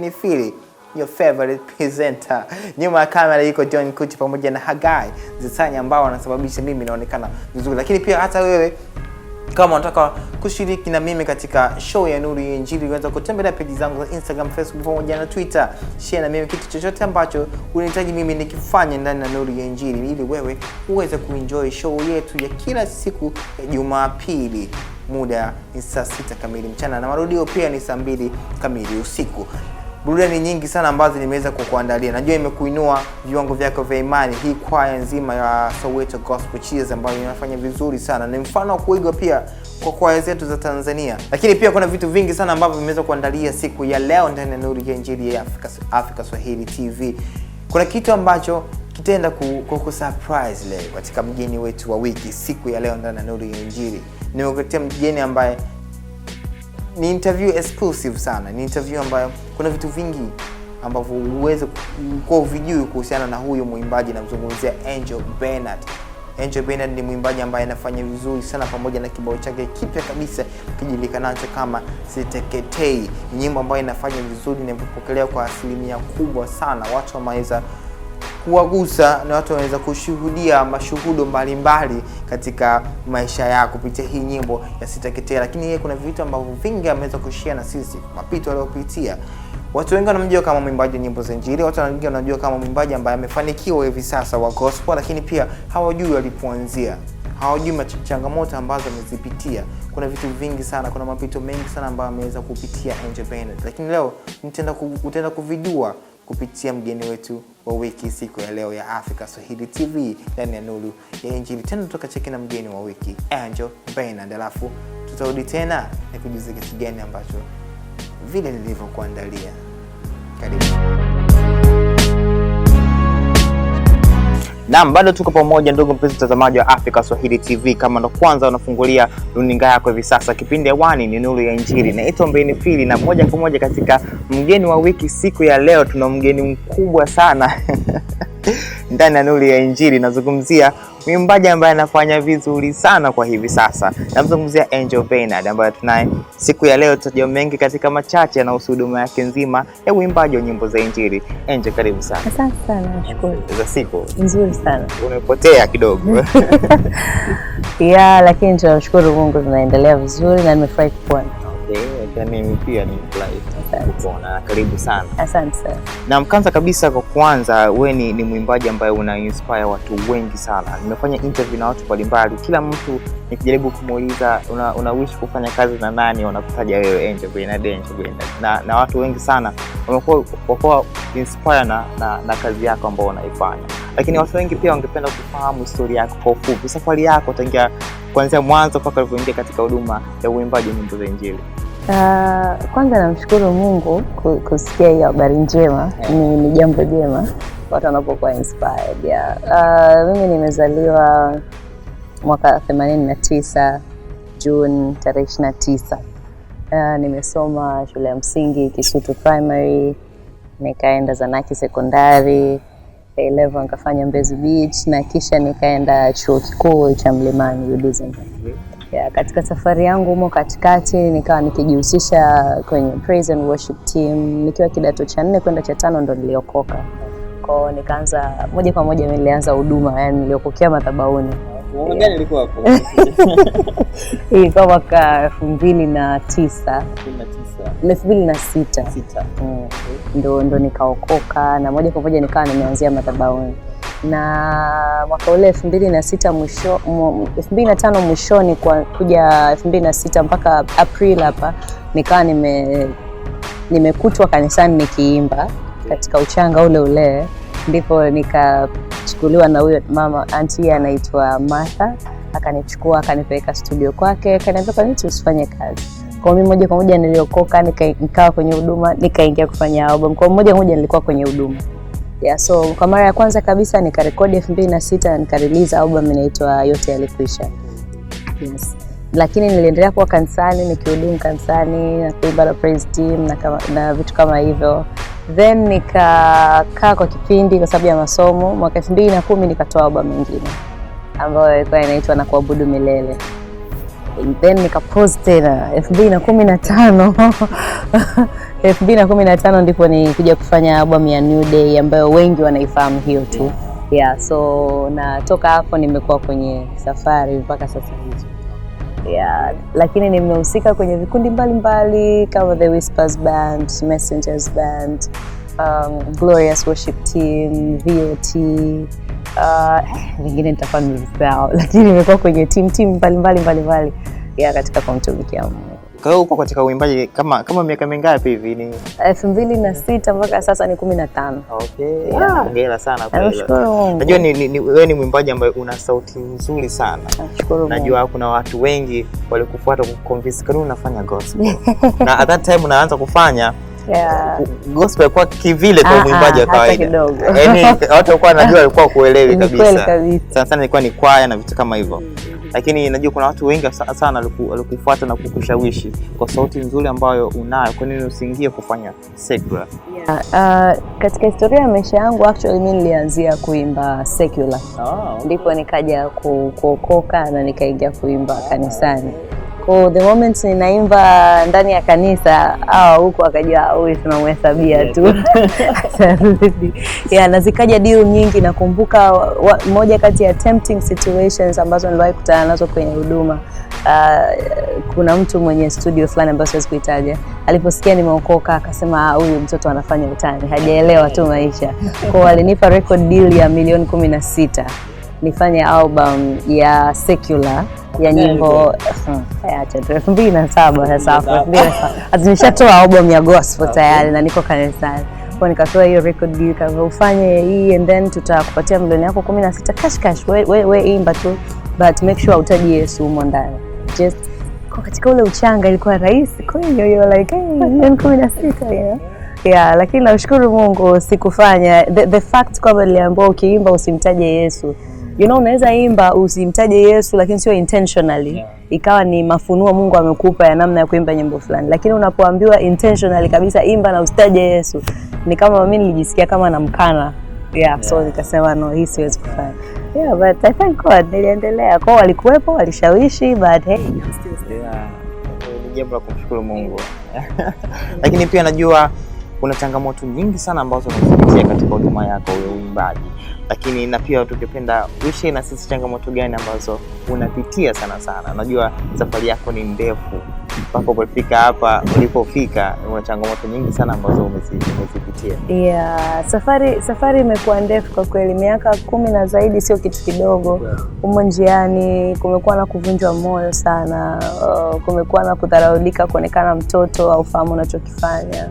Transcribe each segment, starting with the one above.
Minifili, your favorite presenter. Nyuma ya kamera yuko John Kuchi pamoja na Hagai Zisanya ambao wanasababisha mimi naonekana vizuri, lakini pia hata wewe kama unataka kushiriki na mimi katika show ya Nuru ya Injili, unaweza kutembelea peji zangu za Instagram, Facebook pamoja na Twitter. Share na mimi kitu chochote ambacho unahitaji mimi nikifanye ndani ya Nuru ya Injili, ili wewe uweze kuenjoy show yetu ya kila siku ya Jumapili. Muda ni saa sita kamili mchana na marudio pia ni saa mbili kamili usiku burudani nyingi sana ambazo nimeweza kukuandalia. Najua imekuinua viwango vyako vya imani, hii kwaya nzima ya Soweto Gospel Cheers ambayo inafanya vizuri sana, ni mfano wa kuigwa pia kwa kwaya zetu za Tanzania. Lakini pia kuna vitu vingi sana ambavyo vimeweza kuandalia siku ya leo ndani ya Nuru ya Injili ya Afrika, Afrika Swahili TV. Kuna kitu ambacho kitaenda kukusurprise leo katika mgeni wetu wa wiki siku ya leo ndani ya Nuru ya Injili. Nimekuletea mgeni ambaye ni interview exclusive sana, ni interview ambayo kuna vitu vingi ambavyo uweze kuwa uvijui kuhusiana na huyo mwimbaji. Namzungumzia Angel Bernard. Angel Bernard ni mwimbaji ambaye anafanya vizuri sana pamoja na kibao chake kipya kabisa kijulikanacho kama Siteketei, nyimbo ambayo inafanya vizuri na imepokelewa kwa asilimia kubwa sana, watu wameweza kuwagusa na watu wanaweza kushuhudia mashuhudo mbalimbali katika maisha yao kupitia hii nyimbo ya Sitakitetea. Lakini yeye kuna vitu ambavyo vingi ameweza kushia na sisi, mapito aliyopitia. Watu wengi wanamjua kama mwimbaji wa nyimbo za Injili, watu wengi wanajua kama mwimbaji ambaye amefanikiwa hivi sasa wa gospel, lakini pia hawajui alipoanzia hawajui changamoto ambazo amezipitia. Kuna vitu vingi sana, kuna mapito mengi sana ambayo ameweza kupitia Angel Bennett, lakini leo nitaenda utaenda kuvijua kupitia mgeni wetu wa wiki siku ya leo ya afrika Swahili TV ndani ya Nuru ya Injili. Tena cheki na mgeni wa wiki Angel Bernard, alafu tutarudi tena na kujuza kitu gani ambacho vile nilivyokuandalia. Karibu. Naam, bado tuko pamoja ndugu mpenzi mtazamaji wa afrika Swahili TV. Kama ndo kwanza unafungulia runinga yako hivi sasa, kipindi hewani ni Nuru ya Injili. Naitwa Mbeni Fili na moja kwa moja katika mgeni wa wiki siku ya leo tuna mgeni mkubwa sana ndani ya nuru ya Injili. Nazungumzia mwimbaji ambaye anafanya vizuri sana kwa hivi sasa, namzungumzia Angel Bernard ambaye tunaye siku ya leo. Tutajua mengi katika machache yanahusu huduma yake nzima ya uimbaji wa nyimbo za Injili. Angel, karibu sana. Asante sana, nashukuru. Za siku nzuri sana. Umepotea kidogo ya, lakini tunamshukuru Mungu, tunaendelea vizuri na nimefurahi kukuona na mimi pia ni kuona. Karibu sana. Asante sana. Na mkanza kabisa, kwa kwanza, we ni, ni mwimbaji ambaye una inspire watu wengi sana. Nimefanya interview na watu mbalimbali, kila mtu nikijaribu kumuuliza una, una wish kufanya kazi na nani, wanakutaja wewe Angel Bernard, Angel Bernard. Na, na watu wengi sana wamekuwa inspire na, na, na kazi yako ambayo unaifanya, lakini watu wengi pia wangependa kufahamu historia yako kwa ufupi, safari yako tangia kuanzia mwanzo mpaka ulivyoingia katika huduma ya uimbaji nyimbo za Injili. Uh, kwanza namshukuru Mungu kusikia hii habari njema yeah. Ni, jambo jema watu wanapokuwa inspired yeah. Uh, mimi nimezaliwa mwaka 89 Juni tarehe 29. Uh, nimesoma shule ya msingi Kisutu Primary, nikaenda Zanaki Sekondari, A-level nikafanya Mbezi Beach na kisha nikaenda chuo kikuu cha Mlimani UDSM. Yeah, katika safari yangu humo katikati nikawa nikijihusisha kwenye praise and worship team nikiwa kidato cha nne kwenda cha tano ndo niliokoka kwao, nikaanza moja kwa moja nilianza huduma yani, niliokokea madhabahuni ilikuwa mwaka elfu mbili na tisa elfu mbili na sita mm. ndo nikaokoka na moja kwa moja nikawa nimeanzia madhabahuni na mwaka ule elfu mbili na sita mwisho elfu mbili na tano mwishoni kwa kuja elfu mbili na sita mpaka April hapa nikawa nime nimekutwa kanisani nikiimba katika uchanga ule ule, ndipo nikachukuliwa na huyo mama anti anaitwa Martha, akanichukua akanipeleka studio kwake, akaniambia kwa nini usifanye kazi kwa mimi. Moja kwa moja niliokoka, nikawa kwenye huduma, nikaingia kufanya album. Kwa moja kwa moja nilikuwa kwenye huduma. Yeah, so kwa mara ya kwanza kabisa nikarekodi elfu mbili na sita na nikarelease album inaitwa Yote Yalikwisha. Yes. Lakini niliendelea kuwa kanisani nikihudumu kanisani na kuimba na praise team na, kama, na vitu kama hivyo then nikakaa kwa kipindi kwa sababu ya masomo. Mwaka elfu mbili na kumi nikatoa albamu nyingine ambayo ilikuwa inaitwa na kuabudu milele then nikapose tena elfu mbili na kumi na tano elfu mbili na kumi na tano ndipo nikuja kufanya albamu ya New Day ambayo wengi wanaifahamu hiyo tu yeah, so natoka hapo nimekuwa kwenye safari mpaka sasa hivi yeah, lakini nimehusika kwenye vikundi mbalimbali kama The Whispers Band, Messengers Band, um, Glorious Worship Team, VOT uh, vingine uh, nitafanya visao, lakini nimekuwa kwenye team team mbalimbali mbalimbali ya katika kumtumikia Mungu. Kwa hiyo uko katika uimbaji kama kama miaka mingapi hivi? Ni elfu mbili na sita mpaka sasa ni kumi na tano. Okay. Yeah. Hongera sana kwa hilo. Najua wewe ni, ni, wewe ni mwimbaji ambaye una sauti nzuri sana. Nashukuru. Najua kuna watu wengi walikufuata kuconvince kwani unafanya gospel. na at that time unaanza kufanya Yeah. Gospel ilikuwa kivile kwa mwimbaji ah, wa ah, kawaida. Yaani watu walikuwa wanajua walikuwa kuelewi kabisa. Sana sana ilikuwa ni kwaya na vitu kama hivyo. Mm lakini najua kuna watu wengi sana walikufuata na kukushawishi kwa sauti nzuri ambayo unayo. Kwa nini usiingie kufanya secular? Yeah. Uh, uh katika historia ya maisha yangu actually mimi nilianzia kuimba secular. Oh. Ndipo nikaja kuokoka na nikaingia kuimba kanisani. Kwa the moment ninaimba ndani ya kanisa au ah, huko, akajua huyu tunamhesabia tu ya na zikaja deal nyingi. Nakumbuka moja kati ya tempting situations ambazo niliwahi kutana nazo kwenye huduma uh, kuna mtu mwenye studio fulani ambayo siwezi kuitaja, aliposikia nimeokoka akasema ah, huyu mtoto anafanya utani, hajaelewa tu maisha kwao. alinipa record deal ya milioni kumi na sita nifanye album ya secular ya nyimbo hmm, eh, elfu mbili na saba. Sasa nimeshatoa album ya gospel ah, tayari na niko kanisani kwa nikatoa hiyo record deal kaza ufanye hii and then tutakupatia milioni yako 16 cash cash, we, we, we imba tu but make sure utaji Yesu humo ndani just kwa katika ule uchanga ilikuwa rahisi like milioni kumi na sita yeah. Yeah, lakini namshukuru Mungu sikufanya the, the fact kwamba niliambiwa ukiimba usimtaje Yesu you know, unaweza imba usimtaje Yesu, lakini sio intentionally yeah. Ikawa ni mafunuo Mungu amekupa ya namna ya kuimba nyimbo fulani, lakini unapoambiwa intentionally kabisa, imba na usitaje Yesu, ni kama mimi nilijisikia kama namkana yeah, yeah. So nikasema no, hii siwezi kufanya yeah, but I thank God niliendelea kwao, walikuwepo walishawishi, but hey ni jambo la kumshukuru Mungu lakini pia najua kuna changamoto nyingi sana ambazo unazipitia katika huduma yako ya uimbaji lakini na pia tukipenda ushe na sisi changamoto gani ambazo unapitia sana sana. Najua safari yako ni ndefu mpaka ulipofika hapa ulipofika, una changamoto nyingi sana ambazo umezipitia. Yeah, safari safari imekuwa ndefu kwa kweli, miaka kumi na zaidi sio kitu kidogo. Humo njiani kumekuwa na kuvunjwa moyo sana, oh, kumekuwa na kudharaulika, kuonekana mtoto, au fahamu unachokifanya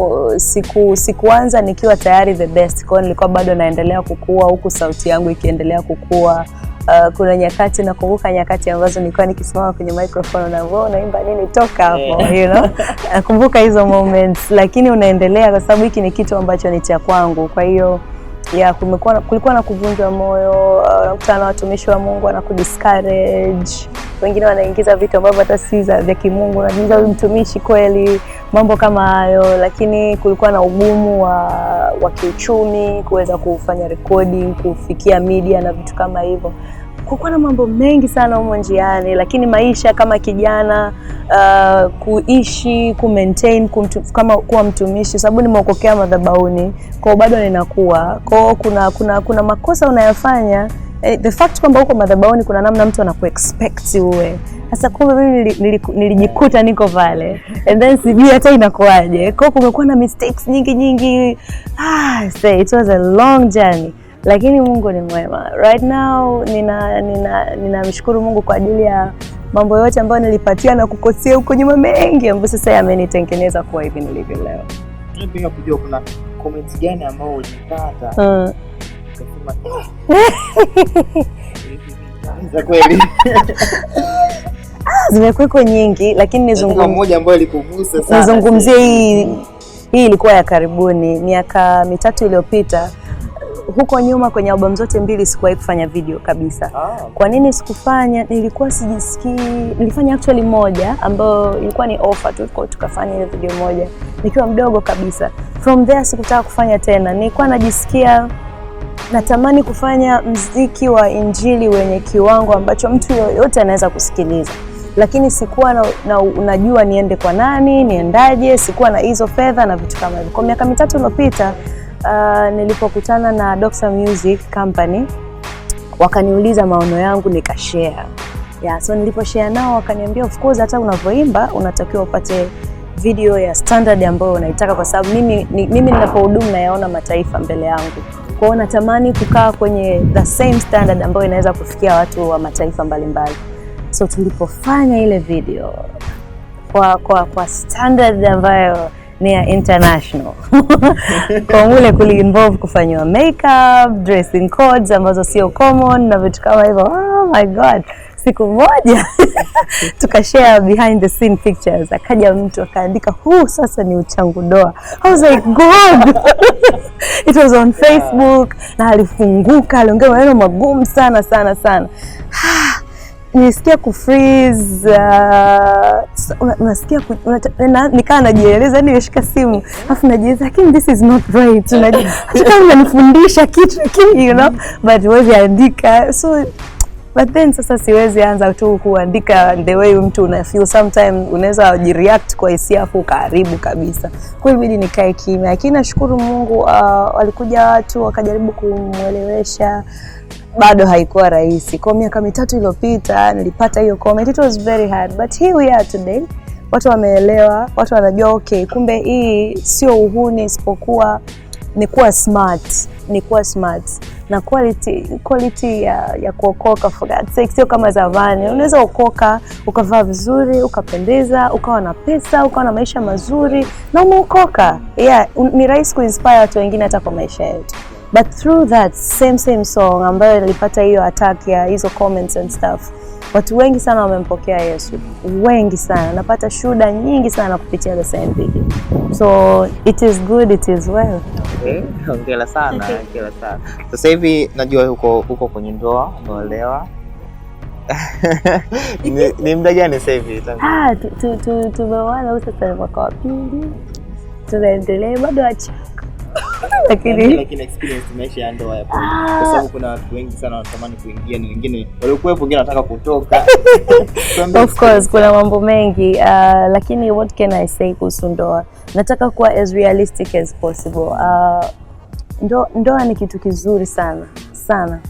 siku, siku, sikuanza nikiwa tayari the best. Kwa hiyo nilikuwa bado naendelea kukua huku sauti yangu ikiendelea kukua. Uh, kuna nyakati nakumbuka nyakati ambazo nilikuwa nikisimama kwenye microphone na mbona unaimba nini toka hapo yeah. you know? Nakumbuka hizo moments, lakini unaendelea kwa sababu hiki ni kitu ambacho ni cha kwangu, kwa hiyo ya kumekuwa, kulikuwa na kuvunjwa moyo. Unakutana uh, na watumishi wa Mungu na kudiscourage, wengine wanaingiza vitu ambavyo hata si vya kimungu, unajiuliza huyu mtumishi kweli? Mambo kama hayo, lakini kulikuwa na ugumu wa, wa kiuchumi kuweza kufanya recording, kufikia media na vitu kama hivyo. Kulikuwa na mambo mengi sana humo njiani, lakini maisha kama kijana uh, kuishi ku maintain kama kuwa mtumishi, sababu nimeokokea madhabahuni kwao, bado ninakuwa kwao. Kuna, kuna, kuna makosa unayofanya eh, the fact kwamba huko madhabahuni, kuna namna mtu anakuexpect uwe sasa kumbe mimi nilijikuta niko pale and then sijui hata inakuaje. kwao, kumekuwa na mistakes nyingi nyingi. Ah, say it was a long journey, lakini Mungu ni mwema. Right now nina ninamshukuru Mungu kwa ajili ya mambo yote ambayo nilipatia na kukosea huko nyuma mengi ambayo sasa yamenitengeneza kuwa hivi nilivyo leo. Tunapenda kujua kuna comments gani ambayo ulipata. Ah. Ah! Za kweli. Ah, nyingi lakini nizungumzie hii hii ilikuwa ya karibuni miaka mitatu iliyopita huko nyuma kwenye albamu zote mbili sikuwahi kufanya video kabisa. Ah. Kwa nini sikufanya? Nilikuwa sijisikii. Nilifanya actually moja ambayo ilikuwa ni offer tu, kwa tukafanya ile video moja nikiwa mdogo kabisa. From there sikutaka kufanya tena, nilikuwa najisikia natamani kufanya mziki wa injili wenye kiwango ambacho mtu yoyote anaweza kusikiliza, lakini sikuwa na, na, unajua niende kwa nani, niendaje, sikuwa na hizo fedha na vitu kama hivyo. Kwa miaka mitatu iliyopita uh, nilipokutana na Doxa Music Company wakaniuliza maono yangu nikashare. Yeah, so niliposhare nao wakaniambia of course hata unavyoimba unatakiwa upate video ya standard ambayo unaitaka kwa sababu mimi ni, mimi ninapohudumu nayaona mataifa mbele yangu. Kwa hiyo natamani kukaa kwenye the same standard ambayo inaweza kufikia watu wa mataifa mbalimbali. So tulipofanya ile video kwa, kwa, kwa standard ambayo ya international kwa mule kuli involve kufanywa makeup, dressing codes ambazo sio common na vitu kama hivyo. Oh my god, siku moja tukashare behind the scene pictures, akaja mtu akaandika huu sasa ni uchangu doa. I was like god it was on Facebook yeah. na alifunguka, aliongea maneno magumu sana sana sana ah, nisikia kufreeze uh, nasikia na, nikawa najieleza, yani nimeshika simu alafu najieleza, lakini this is not right, nanifundisha kitu lakini you know but huwezi andika so but then sasa siwezi anza tu kuandika the way mtu una feel sometimes unaweza jireact kwa hisia afu ukaharibu kabisa. Kwa hiyo nikae kimya, lakini nashukuru Mungu, uh, walikuja watu wakajaribu kumwelewesha bado haikuwa rahisi. Kwa miaka mitatu iliyopita nilipata hiyo comment, it was very hard but here we are today. Watu wameelewa, watu wanajua okay, kumbe hii sio uhuni, isipokuwa ni kuwa smart, ni kuwa smart na quality, quality ya, ya kuokoka for God's sake, sio kama zamani. Unaweza okoka ukavaa vizuri ukapendeza ukawa na pesa ukawa na maisha mazuri na umeokoka. Yeah, ni rahisi kuinspire watu wengine hata kwa maisha yetu but through that same same song ambayo nilipata hiyo attack ya hizo comments and stuff, watu wengi sana wamempokea Yesu, wengi sana. Napata shuhuda nyingi sana kupitia the same video, so it is good, it is well. Okay, eh, hongera sana, hongera sana. Sasa hivi najua huko huko kwenye ndoa umeolewa. Ni muda gani sasa hivi? Ah, tumeoana sasa, mwaka wa pili, tunaendelea bado acha lakini lakini experience maisha ya ndoa hapo, kwa sababu kuna watu wengi sana wanatamani kuingia, ni wengine waliokuwepo, wengine wanataka kutoka. Of course kuna mambo mengi uh, lakini what can I say kuhusu ndoa, nataka kuwa as realistic as possible. Uh, ndo, ndoa ni kitu kizuri sana sana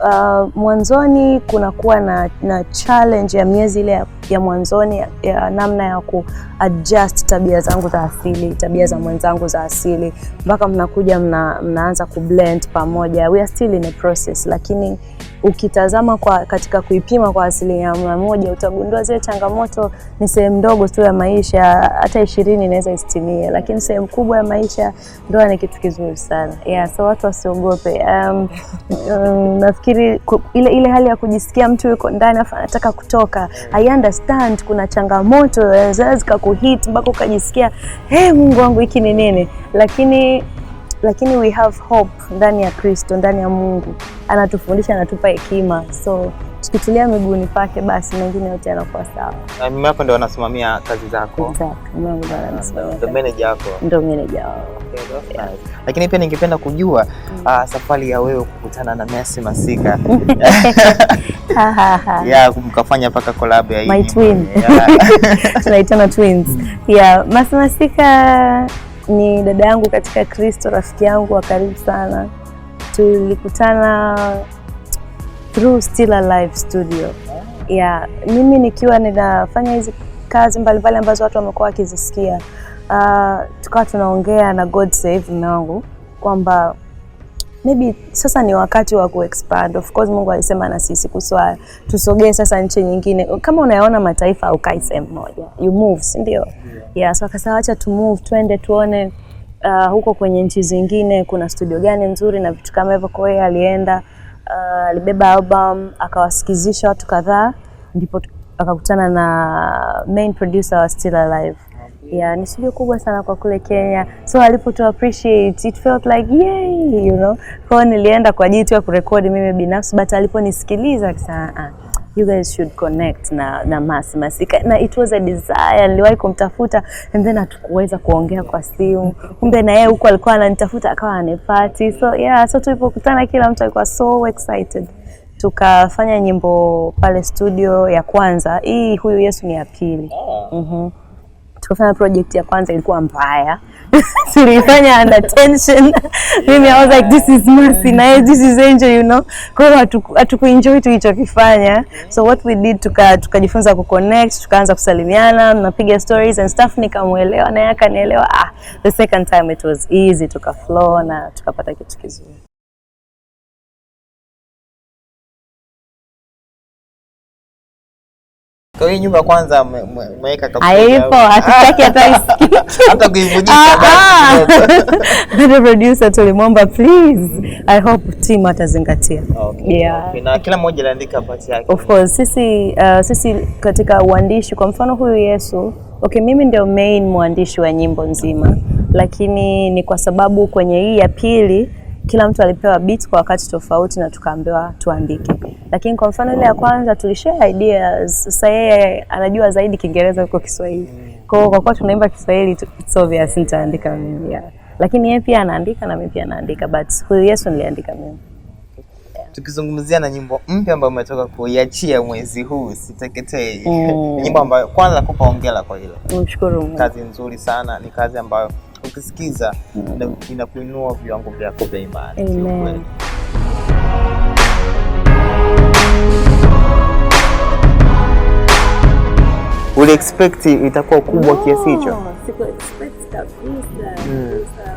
uh, mwanzoni kunakuwa na, na challenge ya miezi ile ya, ya mwanzoni ya, ya namna ya kuadjust tabia zangu za asili, tabia za mwenzangu za asili, mpaka mnakuja mna, mnaanza kublend pamoja. We are still in a process, lakini ukitazama kwa, katika kuipima kwa asilimia mia moja utagundua zile changamoto ni sehemu ndogo tu ya maisha, hata ishirini inaweza isitimie, lakini sehemu kubwa ya maisha, ndoa ni kitu kizuri sana yeah, so watu wasiogope. Um, um, nafikiri ile, ile hali ya kujisikia mtu yuko ndani afa anataka kutoka, I understand kuna changamoto zinaweza zikakuhit mpaka ukajisikia hey, Mungu wangu hiki ni nini, lakini lakini we have hope ndani ya Kristo, ndani ya Mungu. Anatufundisha, anatupa hekima, so tukitulia miguuni pake, basi mengine yote yanakuwa sawa. Na mume wako ndio anasimamia kazi zako? ndio ndio meneja wako? Ndio meneja wako. Okay, Lakini pia ningependa kujua mm, uh, safari ya wewe kukutana na Messi Masika yeah, mkafanya mpaka collab ya hii. My twin. Tunaitana twins. Mm. Yeah, Messi Masika ni dada yangu katika Kristo, rafiki yangu wa karibu sana. Tulikutana through Still Alive Studio. Yeah, mimi nikiwa ninafanya hizi kazi mbalimbali ambazo watu wamekuwa wakizisikia, uh, tukawa tunaongea na God Save wangu kwamba maybe sasa ni wakati wa kuexpand. Of course Mungu alisema na sisi kuswa tusogee sasa nchi nyingine, kama unayaona mataifa au kai sehemu moja you move, si ndio? Yeah. Yeah, so akasema acha tu move, twende tuone uh, huko kwenye nchi zingine kuna studio gani nzuri na vitu kama hivyo. Kwa hiyo alienda uh, alibeba uh, album akawasikizisha watu kadhaa, ndipo akakutana na main producer wa Still Alive Yeah, ni studio kubwa sana kwa kule Kenya, so alipotu appreciate it felt like yay, you know. Kwa nilienda kwa ajili tu ya kurekodi mimi binafsi, but aliponisikiliza akasema ah, you guys should connect na na Masi Masika, na it was a desire. Niliwahi kumtafuta and then hatukuweza kuongea kwa simu, kumbe na yeye huko alikuwa ananitafuta akawa anipati. So yeah, so tulipokutana kila mtu alikuwa so excited tukafanya nyimbo pale studio ya kwanza. Hii huyu Yesu ni ya pili. mm tukafanya project ya kwanza ilikuwa mbaya tulifanya under tension mimi I was like this is mercy na this is angel you know kwa hiyo hatukuenjoy tulichokifanya so what we did tukajifunza ku connect tukaanza kusalimiana mnapiga stories and stuff nikamwelewa naye akanielewa ah the second time it was easy flow na tukapata kitu kizuri Kwa hiyo nyumba kwanza mweka kaburi. Haipo, hatutaki hata isikike. Hata kuivunjika basi. Producer tulimwomba please. I hope team atazingatia. Okay. Yeah. Okay. Na kila mmoja aliandika part yake. Of course, sisi uh, sisi katika uandishi kwa mfano huyu Yesu, okay, mimi ndio main mwandishi wa nyimbo nzima. Lakini ni kwa sababu kwenye hii ya pili kila mtu alipewa beat kwa wakati tofauti na tukaambiwa tuandike lakini kwa mfano ile ya kwanza tulishare ideas. Sasa yeye anajua zaidi Kiingereza kuliko Kiswahili, kwa hiyo kwa kuwa tunaimba Kiswahili nitaandika mimi Lakini yeye pia anaandika na mimi pia naandika, but huyu Yesu niliandika mimi Tukizungumzia na nyimbo mpya ambayo umetoka kuiachia mwezi huu Siteketei, mm. nyimbo ambayo kwanza nakupa hongera kwa hilo, mshukuru Mungu, kazi nzuri sana, ni kazi ambayo ukisikiza mm. inakuinua viwango vyako vya imani. Uli itakuwa kubwa no, kiasi hicho? Siku hmm. kabisa.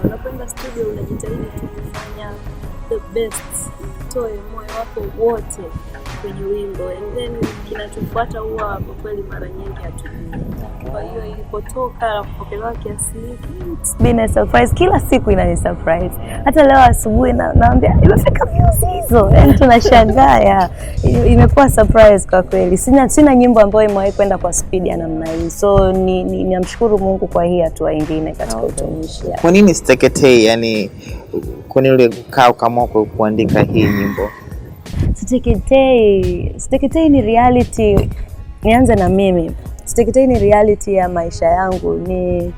Unapoenda studio unajitahidi kufanya the best, toe moyo wako wote kwenye wimbo and then kinachofuata huwa kwa kweli mara nyingi hatujui. Kwa hiyo ilipotoka na kupokelewa kiasi hiki, it's been a surprise. Kila siku inani surprise, hata leo asubuhi na, naambia imefika views hizo, yani tunashangaa. ya Imekuwa surprise kwa kweli. Sina, sina nyimbo ambayo imewahi kwenda kwa speed ya namna hii, so ni, ni, namshukuru Mungu kwa hii hatua nyingine katika utumishi. Kwa nini Steketei, yani kwa nini ulikaa ukaamua kuandika hii nyimbo? Siteketei. Siteketei ni reality, nianze na mimi. Siteketei ni reality ya maisha yangu, ni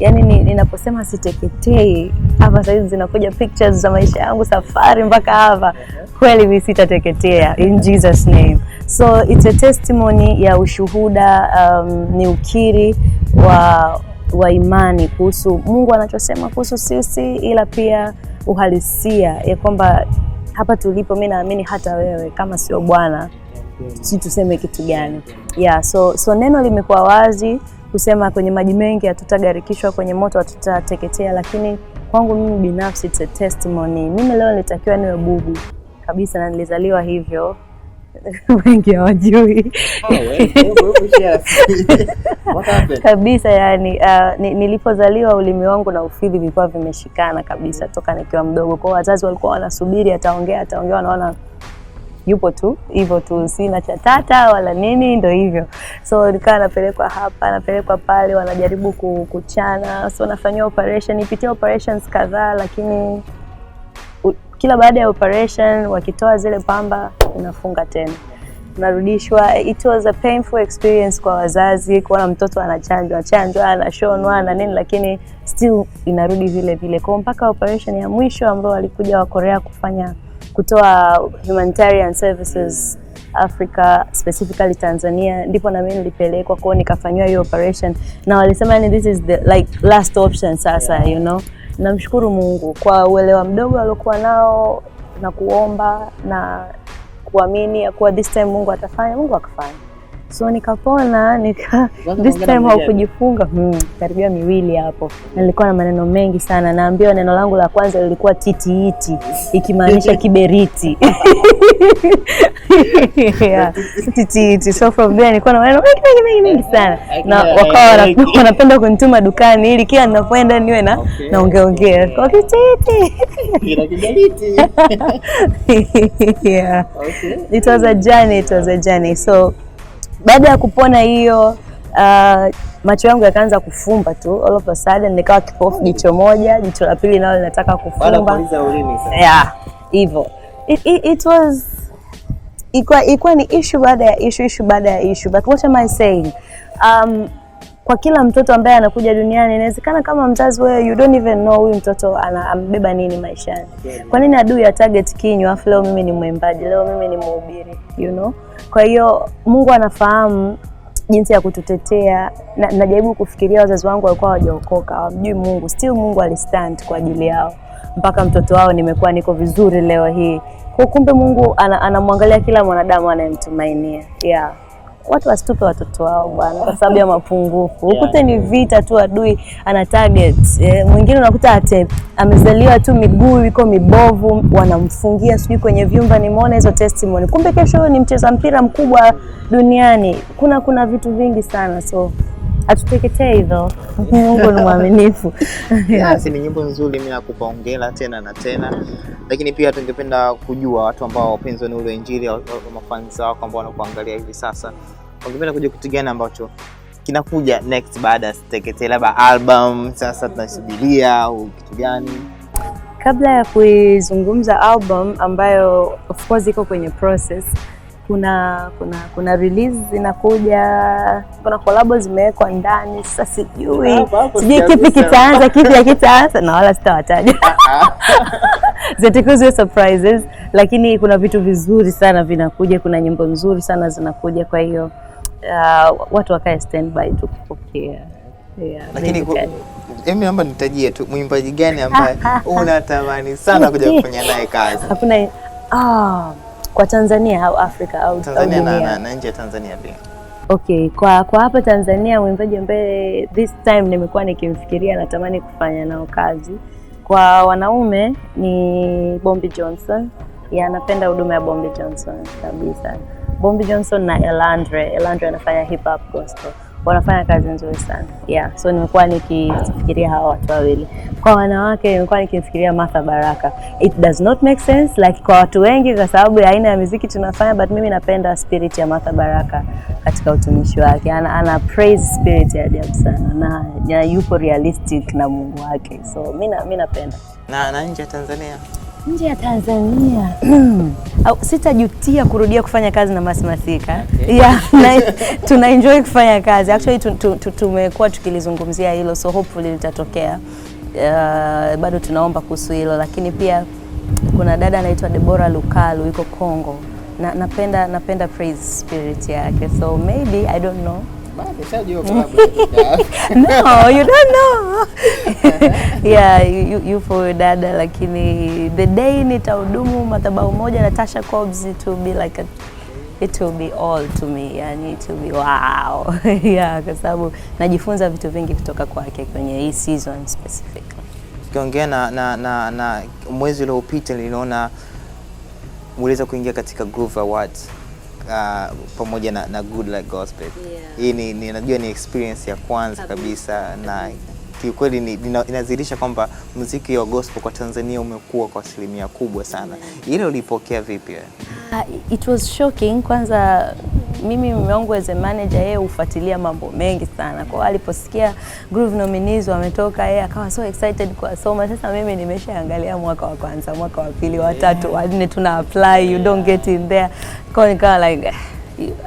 yani ninaposema siteketei, hapa sahizi zinakuja pictures za maisha yangu, safari mpaka hapa. Kweli mimi sitateketea in Jesus name. So it's a testimony ya ushuhuda, um, ni ukiri wa wa imani kuhusu Mungu anachosema kuhusu sisi, ila pia uhalisia ya kwamba hapa tulipo, mi naamini hata wewe kama sio Bwana si tuseme kitu gani? Yeah, so, so neno limekuwa wazi kusema kwenye maji mengi hatutagarikishwa, kwenye moto hatutateketea. Lakini kwangu mimi binafsi it's a testimony. Mimi leo nilitakiwa niwe bubu kabisa na nilizaliwa hivyo wengi hawajui oh, kabisa. Yani uh, nilipozaliwa ulimi wangu na ufidhi vilikuwa vimeshikana kabisa toka nikiwa mdogo, kwao wazazi walikuwa wanasubiri ataongea, ataongea, wanaona yupo tu hivyo tu, sina cha tata wala nini, ndo hivyo. So nikawa napelekwa hapa, napelekwa pale, wanajaribu kuchana, so nafanyia operation, nipitia operations kadhaa, lakini kila baada ya operation wakitoa zile pamba unafunga tena narudishwa It was a painful experience kwa wazazi kuona mtoto anachanjwa chanjwa anashonwa na nini, lakini still inarudi vile vile kwao mpaka operation ya mwisho ambao walikuja wa Korea kufanya kutoa humanitarian services Africa specifically Tanzania, ndipo na mimi nilipelekwa kwao nikafanywa hiyo operation, na walisema ni this is the like last option sasa, yeah. you know Namshukuru Mungu kwa uelewa mdogo aliokuwa nao na kuomba na kuamini ya kuwa this time Mungu atafanya, Mungu akafanya. So nikapona nika this time haukujifunga hmm, karibia miwili hapo, nilikuwa na maneno mengi sana. Naambiwa neno langu la kwanza lilikuwa titiiti, ikimaanisha kiberiti titi so from there nilikuwa na maneno mengi mengi mengi mengi sana na wakawa wanapenda kunituma dukani ili kila ninapoenda niwe na naongeongea kwa kititi. yeah. It was a journey, it was a journey. So baada ya kupona hiyo uh, macho yangu yakaanza kufumba tu all of a sudden, nikawa kipofu jicho moja, jicho la pili nalo linataka kufumba. Yeah, hivyo. It, it, it was ilikuwa ilikuwa ni issue baada ya issue, issue baada ya issue. But what am I saying? Um, kwa kila mtoto ambaye anakuja duniani inawezekana kama mzazi wewe you don't even know huyu mtoto anambeba nini maishani. Kwa nini adui ya target kinywa, afu leo mimi ni mwimbaji, leo mimi ni mhubiri, you know? Kwa hiyo Mungu anafahamu jinsi ya kututetea na, najaribu kufikiria wazazi wangu walikuwa hawajaokoka, hawamjui Mungu, still Mungu alistand kwa ajili yao mpaka mtoto wao nimekuwa niko vizuri leo hii. Kwa kumbe Mungu anamwangalia ana kila mwanadamu anayemtumainia. Yeah. Watu wasitupe watoto wao bwana, kwa sababu ya mapungufu ukute yeah. Ni vita tu, adui ana target eh, mwingine unakuta ate amezaliwa tu miguu iko mibovu, wanamfungia sijui kwenye vyumba. Nimeona hizo testimony. Kumbe kesho huyo ni mcheza mpira mkubwa duniani. Kuna kuna vitu vingi sana so hatuteketea hivyo. Mungu ni mwaminifu. Basi ni nyimbo nzuri, mimi nakupa hongera tena na tena, lakini pia tungependa kujua watu ambao wapenzi wa Injili, mafans wako ambao wanakuangalia hivi sasa, wangependa kujua kitu gani ambacho kinakuja next baada ya siteketee labda album sasa tunasubiria au kitu gani? Kabla ya kuizungumza album ambayo of course iko kwenye process kuna kuna kuna release zinakuja, kuna collab zimewekwa ndani. Sasa sijui ah, sijui kipi kitaanza kipi hakitaanza, na wala sitawataja ah, ah. zitakuwa surprises, lakini kuna vitu vizuri sana vinakuja, kuna nyimbo nzuri sana zinakuja. Kwa hiyo uh, watu wakae standby tu kupokea yeah, lakini Emi, naomba nitajie tu mwimbaji gani ambaye unatamani sana kuja kufanya naye kazi? Hakuna oh kwa Tanzania au Afrika au Tanzania au na, na nje ya Tanzania pia. Okay, kwa kwa hapa Tanzania mwimbaji ambaye this time nimekuwa nikimfikiria natamani kufanya nao kazi kwa wanaume ni Bombi Johnson. anapenda huduma ya Bombi Johnson kabisa. Bombi Johnson na Elandre. Elandre anafanya hip hop gospel wanafanya kazi nzuri sana yeah. So nimekuwa nikifikiria hawa watu wawili. Kwa wanawake nimekuwa nikimfikiria Martha Baraka. It does not make sense like kwa watu wengi, kwa sababu ya aina ya muziki tunafanya, but mimi napenda spirit ya Martha Baraka katika utumishi wake. Ana, ana praise spirit ya ajabu sana na, na yupo realistic na Mungu wake, so mimi napenda na, na nje ya Tanzania nje ya Tanzania au sitajutia kurudia kufanya kazi na Masi Masika. Okay. Yeah, tuna enjoy kufanya kazi actually, tumekuwa tukilizungumzia hilo, so hopefully litatokea. Uh, bado tunaomba kuhusu hilo, lakini pia kuna dada anaitwa Debora Lukalu yuko Kongo na, napenda napenda praise spirit yake so maybe I don't know no, you don't know. Yeah, yupo dada lakini the day nitahudumu madhabahu moja na Tasha Cobbs it will be like a it will be all to me, yani it will be wow. Yeah, kwa sababu najifunza vitu vingi kutoka kwake kwenye hii season specific. Tukiongea na, na, na, na mwezi uliopita niliona uliweza kuingia katika Groove Awards uh, pamoja na, na Good Luck Gospel yeah. Hii ni, najua ni experience ya kwanza kabisa, kabisa na kiukweli inazihirisha kwamba muziki wa gospel kwa Tanzania umekuwa kwa asilimia kubwa sana. Ile ulipokea vipi? Uh, it was shocking kwanza mimi mume wangu as a manager, yeye hufuatilia mambo mengi sana. Kwa hiyo aliposikia Groove nominees wametoka, yeye akawa so excited kuwasoma. Sasa mimi nimeshaangalia mwaka wa kwanza, mwaka wa pili, wa tatu, wa nne, tuna apply, you don't get in there. Kwa hiyo nikawa like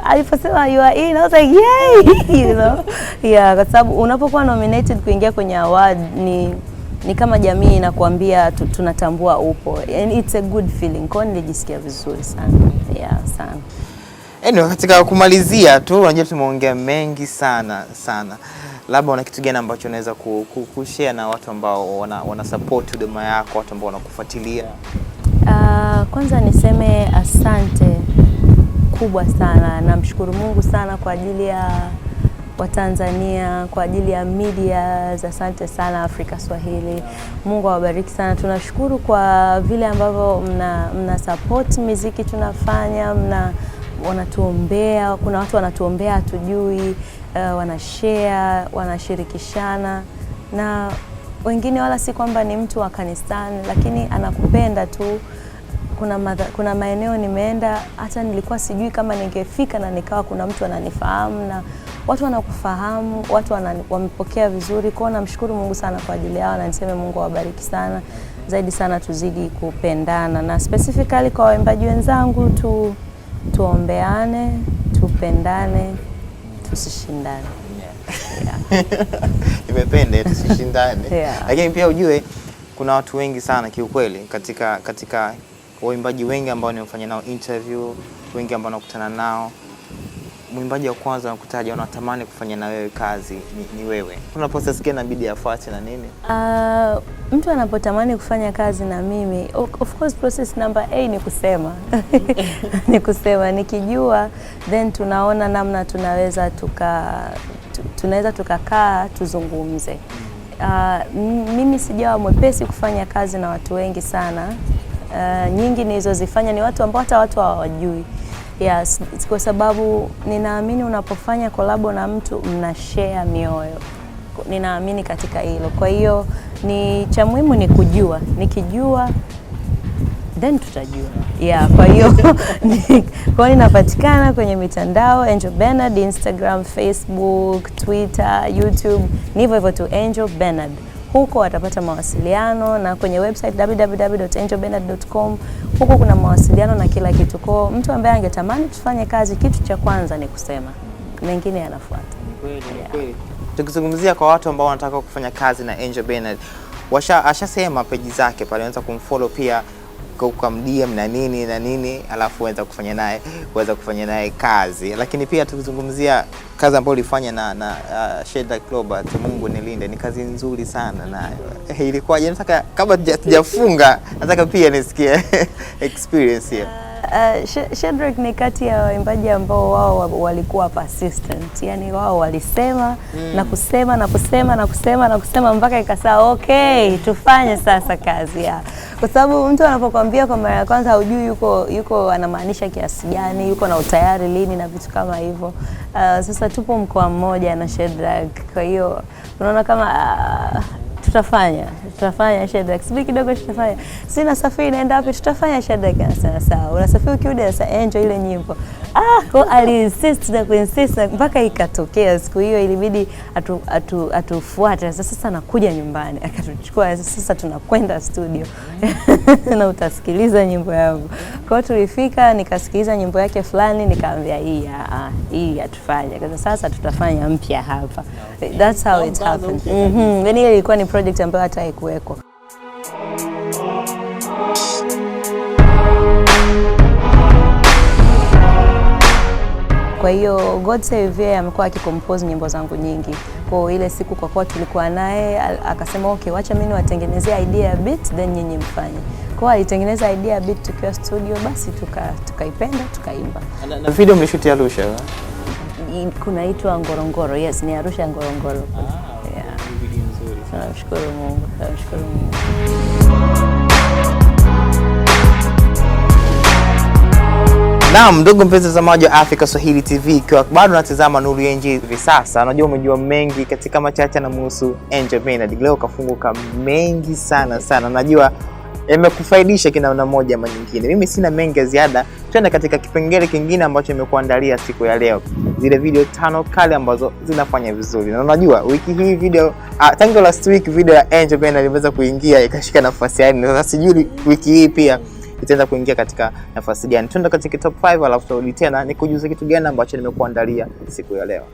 aliposema you are in, I was like yay, you know yeah, kwa sababu unapokuwa nominated kuingia kwenye award ni ni kama jamii inakuambia tunatambua upo, and it's a good feeling. Kwa nilijisikia vizuri sana, yeah sana. Anyway, katika kumalizia tu, unajua tumeongea mengi sana sana, labda una kitu gani ambacho unaweza kushare na watu ambao wana, wana support huduma yako, watu ambao wanakufuatilia? Uh, kwanza niseme asante kubwa sana, namshukuru Mungu sana kwa ajili ya Watanzania kwa ajili ya media za asante sana Afrika Swahili. Mungu awabariki sana. Tunashukuru kwa vile ambavyo mna, mna support miziki tunafanya, mna wanatuombea, kuna watu wanatuombea hatujui, uh, wanashare, wanashirikishana na wengine wala si kwamba ni mtu wa kanisani, lakini anakupenda tu. Kuna, madha, kuna maeneo nimeenda hata nilikuwa sijui kama ningefika na nikawa kuna mtu ananifahamu na watu wanakufahamu, watu wamepokea vizuri kwao. Namshukuru Mungu sana kwa ajili yao na niseme Mungu awabariki sana zaidi sana, tuzidi kupendana na specifically kwa waimbaji wenzangu tu tuombeane, tupendane, tusishindane. Yeah. Imepende tusishindane. Yeah. Lakini pia ujue kuna watu wengi sana kiukweli katika katika waimbaji wengi ambao nimefanya nao interview, wengi ambao nakutana nao mwimbaji wa kwanza nakutaja unatamani kufanya na wewe kazi ni, ni wewe. Kuna process gani inabidi afuate na nini? Uh, mtu anapotamani kufanya kazi na mimi, of course process number A ni kusema ni kusema, nikijua then tunaona namna tunaweza tuka tunaweza tukakaa tuzungumze. Uh, mimi sijawa mwepesi kufanya kazi na watu wengi sana. Uh, nyingi nilizozifanya ni watu ambao hata watu wa Yes, kwa sababu ninaamini unapofanya kolabo na mtu mna share mioyo, ninaamini katika hilo. Kwa hiyo ni cha muhimu ni kujua, nikijua then tutajua. Yeah, kwa hiyo kwa ninapatikana kwenye mitandao Angel Bernard, Instagram, Facebook, Twitter, YouTube, ni hivyo hivyo tu Angel Bernard. Huko watapata mawasiliano na kwenye website www.angelbenard.com. Huko kuna mawasiliano na kila kitu. Kwa mtu ambaye angetamani tufanye kazi, kitu cha kwanza ni kusema, mengine yanafuata. Yeah. Tukizungumzia kwa watu ambao wanataka kufanya kazi na Angel Bernard, washa ashasema peji zake pale, wanaweza kumfollow pia kwa mdm na nini na nini, alafu weza kufanya naye uweza kufanya naye kazi. Lakini pia tukizungumzia kazi ambayo ulifanya na, na uh, Shedrack Robert, Mungu nilinde, ni kazi nzuri sana nayo eh, ilikuwaje? Nataka kabla tujafunga, nataka pia nisikie experience hiyo. Uh, eh, Shedrack ni kati ya waimbaji ambao wao walikuwa persistent, yani wao walisema mm. na kusema na kusema na kusema na kusema mpaka ikasaa okay, tufanye sasa kazi ya kwa sababu mtu anapokuambia kwa mara ya kwanza haujui yuko, yuko anamaanisha kiasi gani, yuko na utayari lini na vitu kama hivyo. Uh, sasa tupo mkoa mmoja na Shedrack, kwa hiyo unaona kama uh, tutafanya tutafanya Shadrack, subiri kidogo, tutafanya sina safari, naenda wapi? Tutafanya Shadrack. Sawa sawa, unasafiri ukirudi sasa enjoy ile nyimbo ah, oh, aliinsist na kuinsist mpaka ikatokea siku hiyo, ilibidi atufuate atu, sasa, nakuja nyumbani akatuchukua, sasa tunakwenda studio na utasikiliza nyimbo yangu. Kwa tulifika, nikasikiliza nyimbo yake fulani, nikaambia hii hii atufanye ah, kaza, sasa tutafanya mpya hapa. That's how it happened. Mhm, yani ilikuwa ni project ambayo hata haikuwekwa. Kwa hiyo God Save yeye amekuwa akikompose nyimbo zangu nyingi. Kwa ile siku kwa kuwa tulikuwa naye akasema okay, wacha mimi niwatengenezee idea ya beat then nyinyi mfanye. Kwa alitengeneza idea ya beat tukiwa studio, basi tukaipenda tukaimba. Na video mlishuti Arusha? Eh? Kunaitwa Ngorongoro. Yes, ni Arusha Ngorongoro. Ah, yeah. Tunamshukuru Mungu, tunamshukuru Mungu. Naam, ndugu mpenzi mtazamaji wa afrika Swahili TV, ikiwa bado unatazama Nuru ya Injili hivi sasa, unajua umejua mengi katika machache na muhusu Angel Bernard. Leo kafunguka mengi sana sana, najua yamekufaidisha kina namna moja ama nyingine. Mimi sina mengi ya ziada, twende katika kipengele kingine ambacho nimekuandalia siku ya leo, zile video tano kali ambazo zinafanya vizuri. Na unajua wiki hii video uh, tangu last week video ya Angel Bernard iliweza kuingia ikashika nafasi yani, na sijui wiki hii pia kitaweza kuingia katika nafasi gani. Tuenda katika top 5 alafu turudi tena nikujuze kitu gani ambacho nimekuandalia siku ya leo.